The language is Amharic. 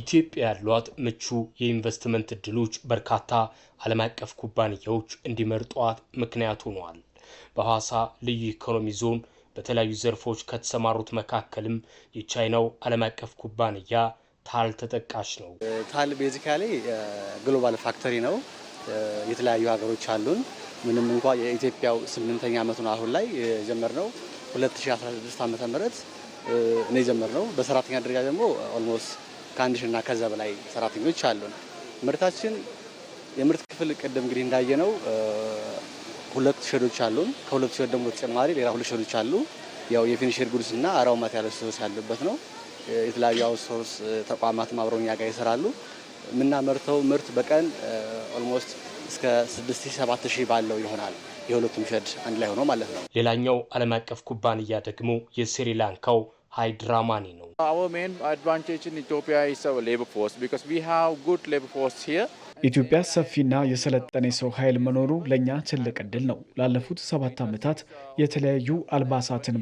ኢትዮጵያ ያሏት ምቹ የኢንቨስትመንት እድሎች በርካታ ዓለም አቀፍ ኩባንያዎች እንዲመርጧት ምክንያት ሆኗል። በሐዋሳ ልዩ ኢኮኖሚ ዞን በተለያዩ ዘርፎች ከተሰማሩት መካከልም የቻይናው ዓለም አቀፍ ኩባንያ ታል ተጠቃሽ ነው። ታል ቤዚካሊ ግሎባል ፋክተሪ ነው። የተለያዩ ሀገሮች አሉን። ምንም እንኳ የኢትዮጵያው ስምንተኛ ዓመቱን አሁን ላይ የጀመርነው 2016 ዓ ም ነው የጀመርነው። በሰራተኛ ደረጃ ደግሞ ኦልሞስት ከአንድ ሺ ከዛ በላይ ሰራተኞች አሉን። ምርታችን የምርት ክፍል ቅድም እንግዲህ እንዳየነው ሁለት ሼዶች አሉን። ከሁለት ሼድ ደግሞ በተጨማሪ ሌላ ሁለት ሼዶች አሉ። ያው የፊኒሽር ጉድስ እና አራው ማቴሪያል ሶርስ ያለበት ነው። የተለያዩ አውትሶርስ ተቋማትም አብረው እኛ ጋር ይሰራሉ። የምናመርተው ምርት በቀን ኦልሞስት እስከ 6700 ባለው ይሆናል። የሁለቱም ሸድ አንድ ላይ ሆኖ ማለት ነው። ሌላኛው ዓለም አቀፍ ኩባንያ ደግሞ የስሪላንካው ሃይድራማኒ ነው። ኢትዮጵያ ሰፊና የሰለጠነ የሰው ኃይል መኖሩ ለእኛ ትልቅ እድል ነው። ላለፉት ሰባት ዓመታት የተለያዩ አልባሳትን